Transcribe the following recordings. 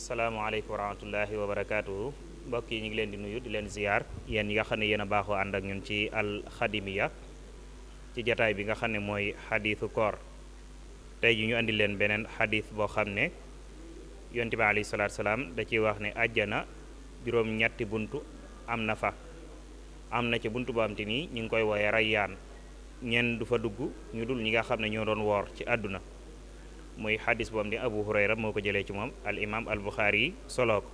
Assalamualaikum warahmatullahi wabarakatuh. wa barakaatuhu mbokk yi ngi leen di nuyu di leen ziar yeen yi nga xamne yeena and ak ñun ci al khadimiya ci jotaay bi nga xamne moy mooy kor. Tay ji ñu andi leen beneen xadiis boo xam ne Ali sallallahu alayhi wasallam da ci wax ne aljana juroom ñetti buntu am nafa Amna na ci buntu bam tini ñing koy wooye rayyan ñen du fa dugg ñu dul ñi nga xamne ño doon wor ci aduna muy hadith bam di abu hurayra moko jele ci mom al imam al Bukhari solo ko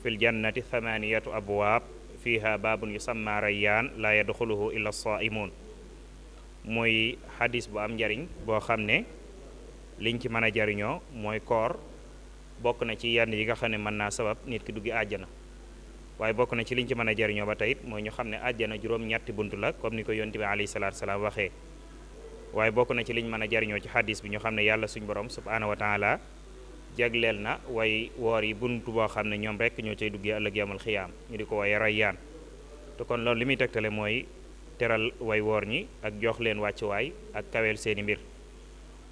fil jannati thamaniyatu abwab fiha babun yusamma rayyan la yadkhuluhu illa as-saimun moy hadith bu am jariñ bo xamne liñ ci mëna jariño moy mooy koor na ci yenn yi nga xamne ne na sabab nit ki duggi aljana waaye bokk na ci liñ ci mën a jariñoo ba tey mooy ñu xam ne àjjana juróom-ñetti bunt la comme ni ko yonent bi alayhi salaatu salaam waxee waaye bokk na ci liñ mën a jariñoo ci xadis bi ñu xam ne yàlla suñ borom subhaanahu wa taala jagleel na way woor yi bunt boo xam ne ñoom rek ñoo cay duggee ëllëg yawmal xiyaam ñu di ko waaye rayyaan te kon loolu li muy tegtale mooy teral way woor ñi ak jox leen wàccuwaay ak kaweel seeni mbir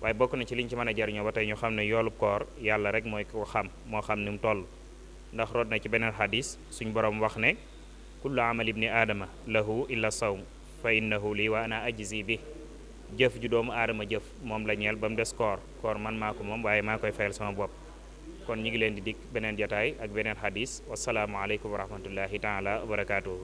waaye bokk na ci liñ ci mën a jariñoo ba tey ñu xam ne yoolub koor yàlla rek mooy ko xam moo xam ni mu toll ndax root na ci beneen xadis suñ boroom wax ne kullu amal ibni aadama lahu illa sawm fa innahu lii wa ana ajzi bi jëf ju doomu aadama jëf moom la ñeel ba mu des koor koor man maa ko moom waaye maa koy fayal sama bopp kon ñu ngi leen di dikk beneen jataay ak beneen xadis wasalaamualeykum wa rahmatullahi taala wa barakaatuhu